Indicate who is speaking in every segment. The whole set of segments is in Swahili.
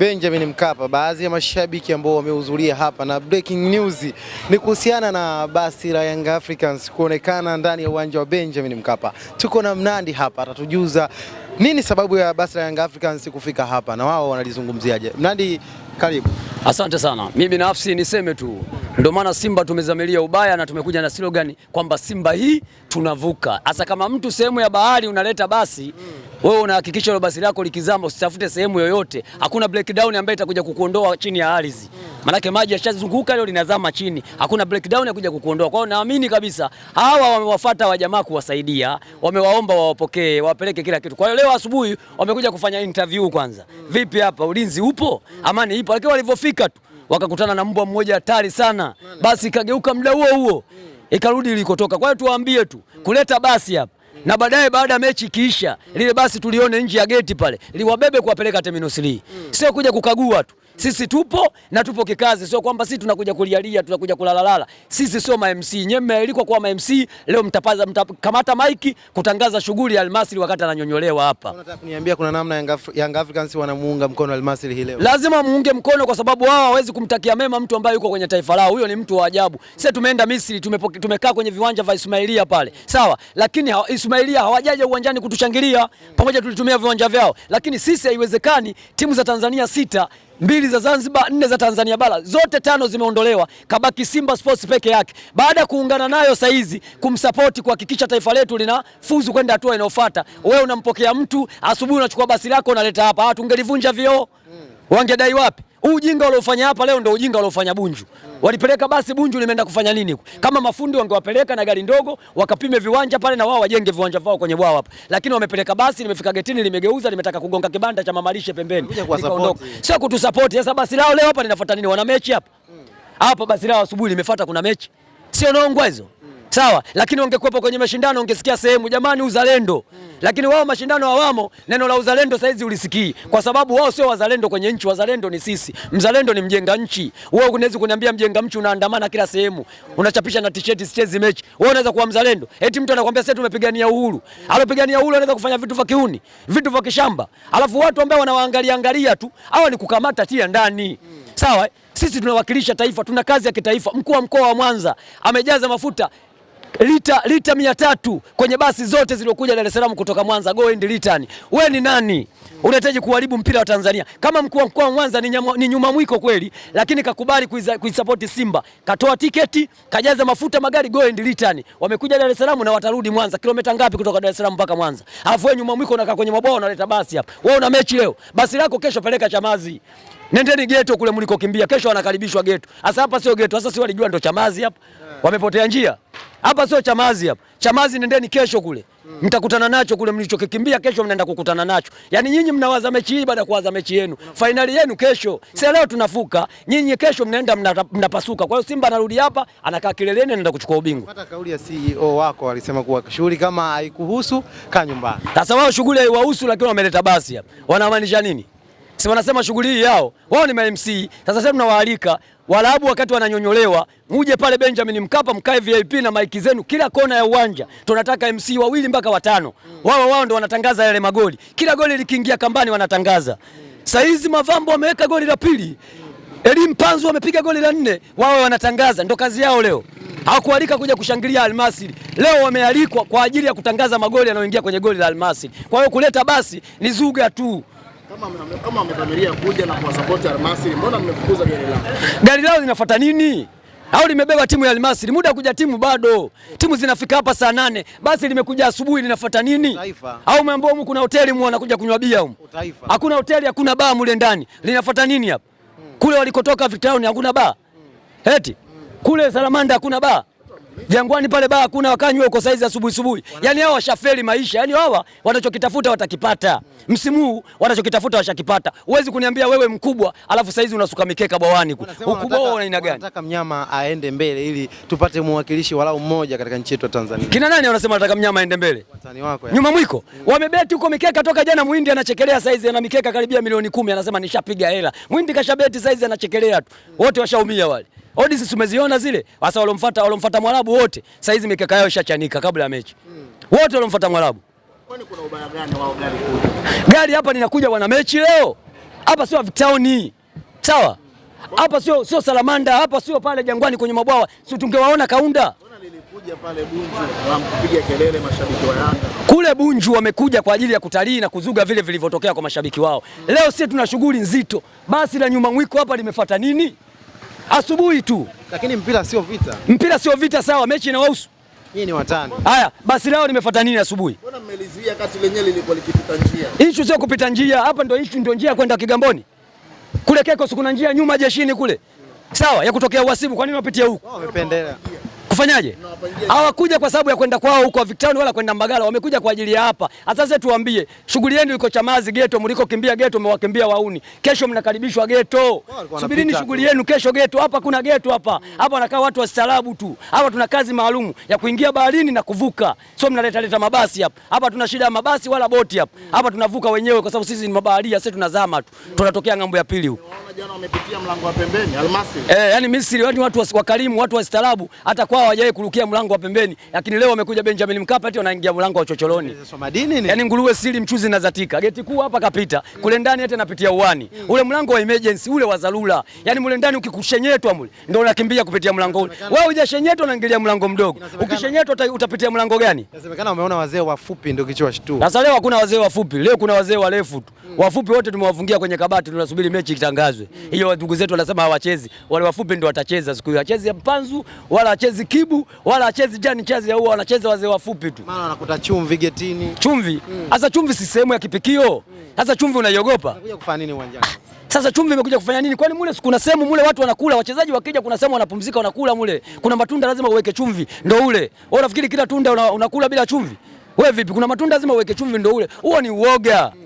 Speaker 1: Benjamin Mkapa, baadhi ya mashabiki ambao wamehudhuria hapa, na breaking news ni kuhusiana na basi la Young Africans kuonekana ndani ya uwanja wa Benjamin Mkapa. Tuko na Mnandi hapa, atatujuza nini sababu ya basi la Young Africans kufika hapa na wao wanalizungumziaje. Mnandi, karibu.
Speaker 2: Asante sana. Mimi binafsi niseme tu, ndio maana Simba tumezamilia ubaya na tumekuja na slogan kwamba Simba hii tunavuka. Hasa kama mtu sehemu ya bahari unaleta basi wewe unahakikisha ile basi lako likizama, usitafute sehemu yoyote. Hakuna breakdown ambayo itakuja kukuondoa chini ya ardhi. Manake maji yashazunguka leo linazama chini. Hakuna breakdown ya kuja kukuondoa. Kwa hiyo naamini kabisa hawa wamewafuata wa jamaa kuwasaidia, wamewaomba wawapokee, wapeleke kila kitu. Kwa hiyo leo asubuhi wamekuja kufanya interview kwanza. Vipi hapa ulinzi upo? Amani ipo. Lakini walivyofika tu wakakutana na mbwa mmoja hatari sana. Basi kageuka muda huo huo. Ikarudi ilikotoka. Kwa hiyo tuwaambie tu kuleta basi hapa na baadaye baada ya mechi kiisha, lile basi tulione nje ya geti pale liwabebe kuwapeleka terminal 3, sio kuja kukagua tu. Sisi tupo na tupo kikazi, sio kwamba sisi tunakuja kulialia, tunakuja kulalalala. Sisi sio ma MC. Nyewe mmealikwa kuwa ma MC leo, mtapaza mtakamata maiki kutangaza shughuli ya Almasri wakati ananyonyolewa hapa.
Speaker 1: Unataka kuniambia kuna namna Young Africans wanamuunga mkono Almasri hii leo?
Speaker 2: Lazima muunge mkono kwa sababu wao hawezi kumtakia mema mtu ambaye yuko kwenye taifa lao. Huyo ni mtu wa ajabu. Sisi tumeenda Misri, tumekaa kwenye viwanja vya Ismailia pale. Sawa, lakini Ismailia hawajaja uwanjani kutushangilia. Pamoja tulitumia viwanja vyao. Lakini sisi haiwezekani timu za Tanzania sita mbili za Zanzibar, nne za Tanzania Bara, zote tano zimeondolewa, kabaki Simba Sports peke yake, baada ya kuungana nayo saizi kumsapoti kuhakikisha taifa letu lina fuzu kwenda hatua inayofuata. Wewe unampokea mtu asubuhi, unachukua basi lako unaleta hapa, ah, tungelivunja vioo, mm. wangedai wapi? Huu ujinga waliofanya hapa leo ndio ujinga waliofanya Bunju. Walipeleka basi Bunju limeenda kufanya nini? Kama mafundi wangewapeleka na gari ndogo wakapime viwanja pale na wao wajenge viwanja vao kwenye bwawa hapa. Lakini wamepeleka basi limefika getini limegeuza limetaka kugonga kibanda cha mamalishe pembeni.
Speaker 1: Likaondoka.
Speaker 2: Sio kutusupport. Sasa basi lao leo hapa linafuata nini? Wana mechi hapa. Hmm. Hapa basi lao asubuhi limefuata kuna mechi. Sio nongwa hizo sawa, lakini ungekuwepo kwenye mashindano ungesikia sehemu jamani, uzalendo mm. Lakini wao mashindano hawamo, neno la uzalendo saizi ulisikii, kwa sababu wao sio wazalendo kwenye nchi. Wazalendo ni sisi, mzalendo ni mjenga nchi. Wewe unaweza kuniambia mjenga mchi unaandamana kila sehemu, unachapisha na t-shirt sichezi mechi, wewe unaweza kuwa mzalendo? Eti mtu anakuambia sasa tumepigania uhuru, alopigania uhuru anaweza kufanya vitu vya kiuni, vitu vya kishamba, alafu watu ambao wanawaangalia angalia tu, hawa ni kukamata tia ndani mm. Sawa, sisi tunawakilisha taifa, tuna kazi ya kitaifa. Mkuu wa mkoa wa Mwanza amejaza mafuta lita lita mia tatu kwenye basi zote zilizokuja Dar es Salaam kutoka Mwanza go and return. We ni nani unahitaji kuharibu mpira wa Tanzania? Kama mkuu wa mkoa wa Mwanza ni, ni nyuma mwiko kweli, lakini kakubali kuisapoti Simba, katoa tiketi, kajaza mafuta magari, go and return. Wamekuja Dar es Salaam na watarudi Mwanza. Kilomita ngapi kutoka Dar es Salaam mpaka Mwanza? Alafu wewe nyuma mwiko unakaa kwenye mabao unaleta basi hapa. Wewe una mechi leo, basi lako kesho peleka Chamazi. Nendeni geto kule mlikokimbia, kesho wanakaribishwa geto. Sasa hapa sio geto, sasa si walijua ndo Chamazi hapa. Wamepotea njia. Hapa sio Chamazi hapa. Chamazi nendeni kesho kule. Mm. Mtakutana nacho kule mlichokikimbia kesho mnaenda kukutana nacho. Yaani nyinyi mnawaza mechi hii baada ya kuwaza mechi yenu. Mm. Finali yenu kesho. Mm. Sasa leo tunafuka, nyinyi kesho mnaenda mnapasuka. Kwa hiyo Simba anarudi hapa, anakaa kileleni anaenda kuchukua ubingwa.
Speaker 1: Hata kauli ya CEO wako walisema kuwa shughuli kama haikuhusu kaa nyumbani.
Speaker 2: Sasa wao shughuli haiwahusu, lakini wameleta basi hapa. Wanamaanisha nini? si wanasema shughuli hii yao wao ni ma-MC. Sasa sasa tunawaalika Waarabu wakati wananyonyolewa, muje pale Benjamin Mkapa mkae VIP na maiki zenu kila kona ya uwanja. Tunataka MC wawili mpaka watano, mm. wao wao ndio wanatangaza yale magoli. Kila goli likiingia kambani wanatangaza. Saizi Mavambo wameweka goli la pili, mm. Elim Panzu wamepiga goli la nne, wao wanatangaza, ndio kazi yao leo. Mm. Hawakualika kuja kushangilia Almasiri. Leo wamealikwa kwa ajili ya kutangaza magoli yanayoingia kwenye goli la Almasiri. Kwa hiyo kuleta basi ni zuga tu
Speaker 1: kama amedhamiria kuja na kuwasapoti Almasri, mbona mmefukuza gari lao?
Speaker 2: Gari lao linafuata nini? au limebeba timu ya Almasri? Muda kuja timu bado, timu zinafika hapa saa nane. Basi limekuja asubuhi, linafuata nini? Au umeambiwa humu kuna hoteli, wanakuja kunywa bia humu? Hakuna hoteli, hakuna baa mule ndani, linafuata nini hapa? Hmm. Kule walikotoka Victoria hakuna baa hmm. eti, hmm. kule Salamanda hakuna baa Jangwani pale baa hakuna wakanywa uko saizi asubuhi asubuhi. Yaani hao washafeli maisha. Yaani hawa wanachokitafuta watakipata. Msimu huu wanachokitafuta washakipata. Huwezi kuniambia wewe mkubwa, alafu saizi unasuka mikeka bawani. Ukubwa wao una aina gani?
Speaker 1: Nataka mnyama aende mbele ili tupate mwakilishi walau mmoja katika nchi yetu ya Tanzania.
Speaker 2: Kina nani wanasema nataka mnyama aende mbele?
Speaker 1: Watani wako. ya.
Speaker 2: Nyuma mwiko. Mm. Wamebeti huko mikeka toka jana Muhindi anachekelea saizi ana mikeka karibia milioni kumi anasema nishapiga hela. Muhindi kashabeti saizi anachekelea tu. Wote washaumia wale. Odi sisi tumeziona zile. Sasa walomfuata walomfuata Mwarabu wote. Sasa hizi mikeka yao ishachanika kabla ya mechi. Hmm. Wote walomfuata Mwarabu.
Speaker 1: Kwani kuna ubaya gani wao gari
Speaker 2: kuja? Gari hapa ninakuja wana mechi leo. Hapa sio Vitawni. Sawa? Hapa sio sio Salamanda, hapa sio pale Jangwani kwenye mabwawa. Si tungewaona Kaunda.
Speaker 1: Nilikuja pale Bunju kupiga kelele mashabiki wa Yanga.
Speaker 2: Kule Bunju wamekuja kwa ajili ya kutalii na kuzuga vile vilivyotokea kwa mashabiki wao. Hmm. Leo sisi tuna shughuli nzito. Basi la nyuma mwiko hapa limefuata nini? asubuhi tu.
Speaker 1: Lakini mpira sio vita,
Speaker 2: mpira sio vita. Sawa, mechi inawahusu
Speaker 1: hii ni watano.
Speaker 2: Haya basi, leo nimefuata nini asubuhi?
Speaker 1: Mbona mmelizuia kati lenyewe lilikuwa likipita njia?
Speaker 2: Issue sio kupita njia, hapa ndio issue, ndio njia kwenda Kigamboni. Kule Keko kuna njia nyuma jeshini kule. Sawa, ya kutokea Uhasibu, kwa nini unapitia huko?
Speaker 1: Wamependelea
Speaker 2: kufanyaje? Hawakuja kwa sababu ya kwenda kwao huko Victoria wala kwenda Mbagala, wamekuja kwa ajili ya hapa. Sasa sasa tuambie, shughuli yenu iko Chamazi geto, mlikokimbia geto, mmewakimbia wauni. Kesho mnakaribishwa geto, subirini shughuli yenu kesho geto. Hapa kuna geto hapa hapa, wanakaa watu wastaarabu tu. Hapa tuna kazi maalum ya kuingia baharini na kuvuka, sio mnaleta leta mabasi hapa. Hapa tuna shida ya mabasi wala boti hapa hapa, tunavuka wenyewe kwa sababu sisi ni mabaharia, sisi tunazama tu, tunatokea ng'ambo ya pili huko.
Speaker 1: Jana wamepitia mlango wa pembeni Almasi,
Speaker 2: eh, yani Misri, watu wakarimu, watu wastaarabu, hata kwao hawajawahi kurukia mlango wa pembeni, lakini leo wamekuja Benjamin Mkapa ati wanaingia mlango wa chocholoni. Yaani nguruwe sili mchuzi na zatika. Geti kuu hapa kapita. Mm. Kule ndani hata napitia uani. Mm. Ule mlango wa emergency ule wa dharura. Yaani mule ndani ukikushenyetwa mule ndio unakimbia kupitia mlango ule. Wewe hujashenyetwa unaingilia mlango mdogo. Ukishenyetwa utapitia mlango gani?
Speaker 1: Inasemekana umeona wazee wafupi ndio kichowashtua.
Speaker 2: Sasa leo hakuna wazee wafupi. Leo kuna wazee warefu tu. Mm. Wafupi wote tumewafungia kwenye kabati tunasubiri mechi itangazwe. Hiyo ndugu zetu wanasema hawachezi. Wale wafupi ndio watacheza siku hiyo. Hachezi Mpanzu wala hachezi kibu wala achezi jani chazi ya huwa wanacheza wazee wafupi tu.
Speaker 1: Maana anakuta chumvi getini.
Speaker 2: Chumvi. Mm. Sasa mm. chumvi si sehemu ya kipikio. Mm. Sasa mm. chumvi unaiogopa?
Speaker 1: Anakuja kufanya nini uwanjani? Ah,
Speaker 2: sasa chumvi imekuja kufanya nini? Kwani mule kuna sehemu mule watu wanakula, wachezaji wakija kuna sehemu wanapumzika wanakula mule. Kuna matunda lazima uweke chumvi ndo ule. Wewe unafikiri kila tunda unakula bila chumvi? Wewe vipi? Kuna matunda lazima uweke chumvi ndo ule. Huo ni uoga. Mm.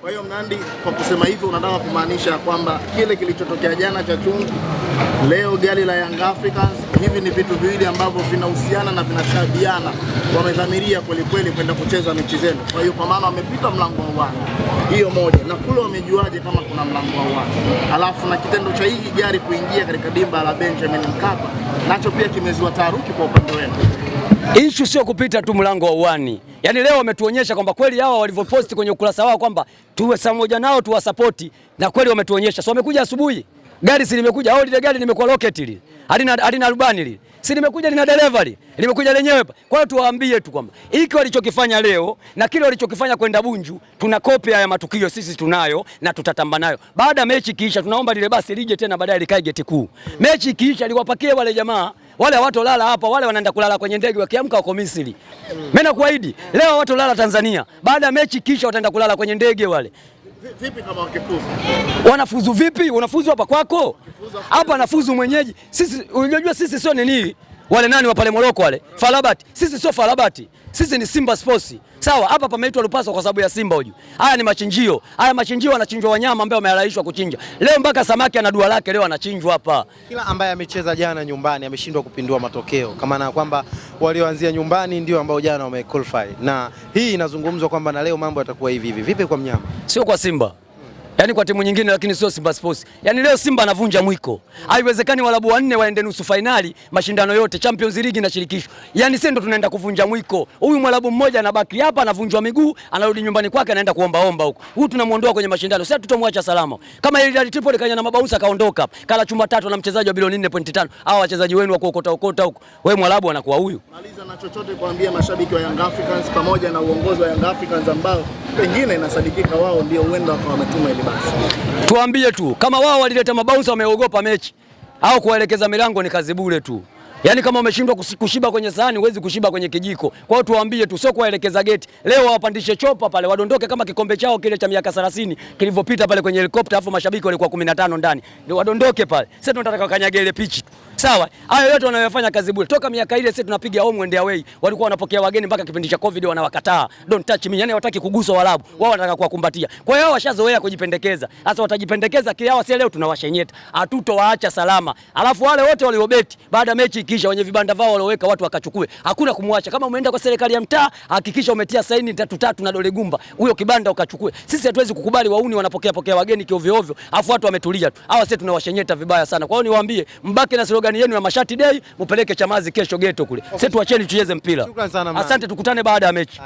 Speaker 1: Kwa hiyo Mnandi, kwa kusema hivyo unataka kumaanisha kwamba kile kilichotokea jana cha chungu, leo gari la Young Africans, hivi ni vitu viwili ambavyo vinahusiana na vinashabiana. Wamedhamiria kwelikweli kwenda kucheza mechi zenu, kwa hiyo kwa maana wamepita mlango wa uwanja, hiyo moja. Na kule wamejuaje kama kuna mlango wa uwanja? Alafu na kitendo cha hii gari kuingia katika dimba la Benjamin Mkapa nacho pia kimezua taharuki kwa upande wenu.
Speaker 2: Ishu sio kupita tu mlango wa uwani Yaani leo wametuonyesha kwamba kweli hawa walivyoposti kwenye ukurasa wao kwamba tuwe samoja nao tuwasapoti, na kweli wametuonyesha. So wamekuja asubuhi, gari si limekuja au lile gari limekuwa rocket lile, halina halina rubani lile, si limekuja lina delivery, limekuja lenyewe. Kwa hiyo tuwaambie tu kwamba hiki walichokifanya leo na kile walichokifanya kwenda Bunju, tuna kopi ya matukio sisi tunayo na tutatamba nayo. Baada mechi kiisha tunaomba lile basi lije tena baadaye likae geti kuu. Mechi ikiisha, liwapakie wale jamaa wale lala hapa, wale wanaenda kulala kwenye ndege, wakiamka wako Misri. Mm. Mimi nakuahidi leo lala Tanzania, baada ya mechi kisha wataenda kulala kwenye ndege wale.
Speaker 1: Vipi kama wakifuzu?
Speaker 2: Wanafuzu vipi? Unafuzu hapa kwako hapa, nafuzu mwenyeji. Sisi unajua sisi sio nini wale nani wa pale Moroko wale Farabati. Sisi sio Farabati, sisi ni Simba Sports. Sawa, hapa pameitwa Lupasa kwa sababu ya Simba huyu. Haya ni machinjio, haya machinjio anachinjwa wanyama ambao wamehalalishwa kuchinja. Leo mpaka samaki ana dua lake, leo anachinjwa hapa.
Speaker 1: Kila ambaye amecheza jana nyumbani ameshindwa kupindua matokeo, Kama na kwamba walioanzia nyumbani ndio ambao jana wamequalify, na hii inazungumzwa kwamba na leo mambo yatakuwa hivi hivi. Vipi kwa mnyama?
Speaker 2: Sio kwa Simba. Yaani kwa timu nyingine lakini sio Simba Sports. Yaani leo Simba anavunja mwiko. Haiwezekani walabu wanne waende nusu fainali mashindano yote Champions League na shirikisho. Yaani sisi ndo tunaenda kuvunja mwiko. Huyu mwalabu mmoja anabaki hapa anavunjwa miguu, anarudi nyumbani kwake anaenda kuomba omba huko. Huyu tunamuondoa kwenye mashindano. Sasa tutamwacha salama. Kama ile Real Tripoli kanyana mabausa kaondoka Kala chuma tatu na mchezaji wa bilioni 4.5. Hao wachezaji wenu wa kuokota okota huko. Wewe mwalabu anakuwa huyu.
Speaker 1: Maliza na chochote kuambia mashabiki wa Young Africans pamoja na uongozi wa Young Africans ambao pengine inasadikika wao ndio huenda wakawametuma ile
Speaker 2: Tuambie tu kama wao walileta mabaunsa wameogopa mechi au kuwaelekeza milango ni kazi bure tu. Yaani kama umeshindwa kushiba kwenye sahani huwezi kushiba kwenye kijiko. Kwa hiyo tuambie tu sio kuwaelekeza geti. Leo wawapandishe chopa pale wadondoke kama kikombe chao kile cha miaka 30 kilivyopita pale kwenye helikopta afu mashabiki walikuwa 15 ndani. Ndio wadondoke pale. Sasa tunataka wakanyage ile pichi tu. Sawa, hayo yote wanayofanya kazi bure. Toka miaka ile sisi tunapiga home and away. Walikuwa wanapokea wageni mpaka kipindi cha Covid wanawakataa. Don't touch me. Yaani hawataki kuguswa Waarabu. Wao wanataka kuwakumbatia. Kwa hiyo washazoea kujipendekeza. Sasa watajipendekeza kile hawa si leo tunawashenyeta. Hatutowaacha salama. Alafu wale wote waliobeti baada mechi ikiisha wenye vibanda vao walioweka watu wakachukue. Hakuna kumwacha. Kama umeenda kwa serikali ya mtaa, hakikisha umetia saini tatu tatu na dole gumba. Huyo kibanda ukachukue. Sisi hatuwezi kukubali wauni wanapokea pokea wageni kiovyo ovyo. Alafu watu wametulia tu. Hawa sisi tunawashenyeta vibaya sana. Kwa hiyo niwaambie mbaki na slogan slogan yenu ya mashati day mupeleke Chamazi kesho geto kule. Sisi tuacheni tucheze mpira. Asante, tukutane baada ya mechi.